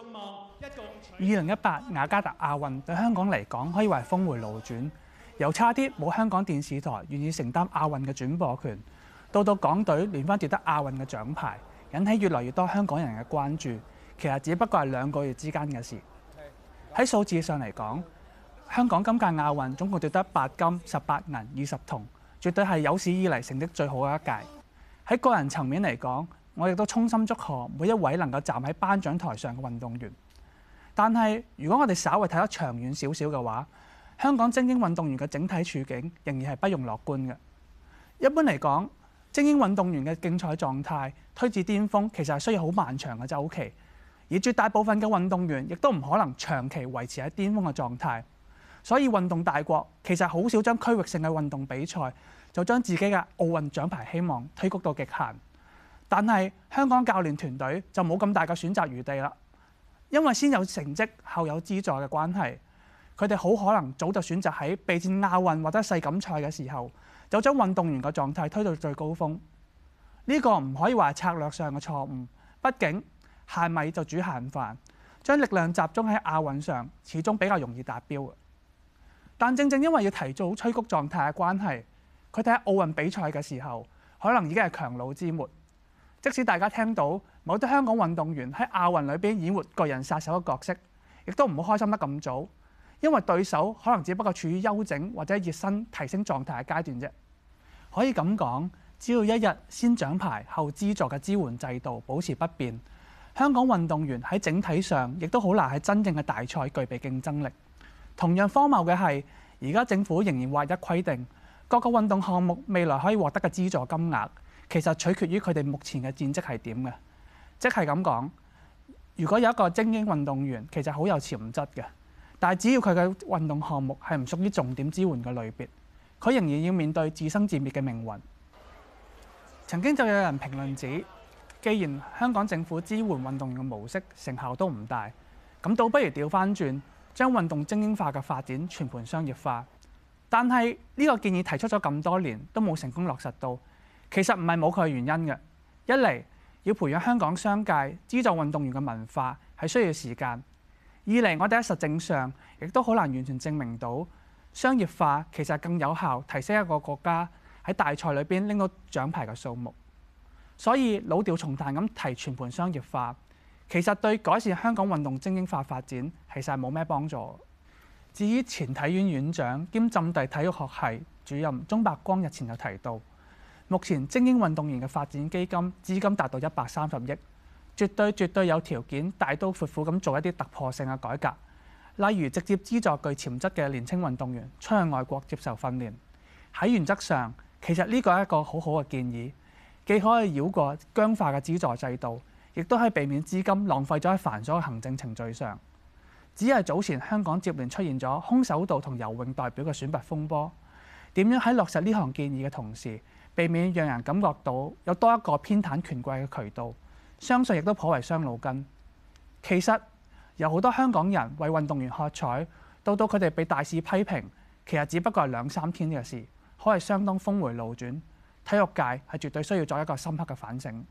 二零一八雅加達亞運對香港嚟講可以話係峰回路轉，由差啲冇香港電視台願意承擔亞運嘅轉播權，到到港隊連番奪得亞運嘅獎牌，引起越來越多香港人嘅關注。其實只不過係兩個月之間嘅事。喺數字上嚟講，香港今屆亞運總共奪得八金、十八銀、二十銅，絕對係有史以嚟成績最好嘅一屆。喺個人層面嚟講，我亦都衷心祝賀每一位能夠站喺頒獎台上嘅運動員。但係，如果我哋稍微睇得長遠少少嘅話，香港精英運動員嘅整體處境仍然係不容樂觀嘅。一般嚟講，精英運動員嘅競賽狀態推至巔峰，其實係需要好漫長嘅周期，OK? 而絕大部分嘅運動員亦都唔可能長期維持喺巔峰嘅狀態。所以，運動大國其實好少將區域性嘅運動比賽就將自己嘅奧運獎牌希望推谷到極限。但係香港教練團隊就冇咁大嘅選擇餘地啦，因為先有成績，後有資助嘅關係，佢哋好可能早就選擇喺備戰亞運或者世錦賽嘅時候，就將運動員嘅狀態推到最高峰。呢個唔可以話策略上嘅錯誤，畢竟限米就煮限飯，將力量集中喺亞運上，始終比較容易達標。但正正因為要提早催谷狀態嘅關係，佢哋喺奧運比賽嘅時候，可能已經係強弩之末。即使大家聽到某啲香港運動員喺亞運裏邊演活巨人殺手嘅角色，亦都唔好開心得咁早，因為對手可能只不過處於休整或者熱身提升狀態嘅階段啫。可以咁講，只要一日先獎牌後資助嘅支援制度保持不變，香港運動員喺整體上亦都好難喺真正嘅大賽具備競爭力。同樣荒謬嘅係，而家政府仍然劃一規定各個運動項目未來可以獲得嘅資助金額。其實取決於佢哋目前嘅戰績係點嘅，即係咁講。如果有一個精英運動員，其實好有潛質嘅，但係只要佢嘅運動項目係唔屬於重點支援嘅類別，佢仍然要面對自生自滅嘅命運。曾經就有人評論指，既然香港政府支援運動員嘅模式成效都唔大，咁倒不如調翻轉，將運動精英化嘅發展全盤商業化。但係呢個建議提出咗咁多年，都冇成功落實到。其實唔係冇佢嘅原因嘅。一嚟要培養香港商界資助運動員嘅文化係需要時間；二嚟我哋喺實證上亦都好難完全證明到商業化其實更有效提升一個國家喺大賽裏邊拎到獎牌嘅數目。所以老調重彈咁提全盤商業化，其實對改善香港運動精英化發展其實係冇咩幫助。至於前體院院長兼浸大體育學系主任鍾伯光日前就提到。目前精英運動員嘅發展基金資金達到一百三十億，絕對絕對有條件大刀闊斧咁做一啲突破性嘅改革，例如直接資助具潛質嘅年青運動員出去外國接受訓練。喺原則上，其實呢個係一個好好嘅建議，既可以繞過僵化嘅資助制度，亦都可以避免資金浪費咗喺繁瑣嘅行政程序上。只係早前香港接連出現咗空手道同游泳代表嘅選拔風波，點樣喺落實呢項建議嘅同時，避免讓人感覺到有多一個偏袒權貴嘅渠道，相信亦都頗為傷腦筋。其實有好多香港人為運動員喝彩，到到佢哋被大肆批評，其實只不過係兩三天嘅事，可謂相當峰回路轉。體育界係絕對需要作一個深刻嘅反省。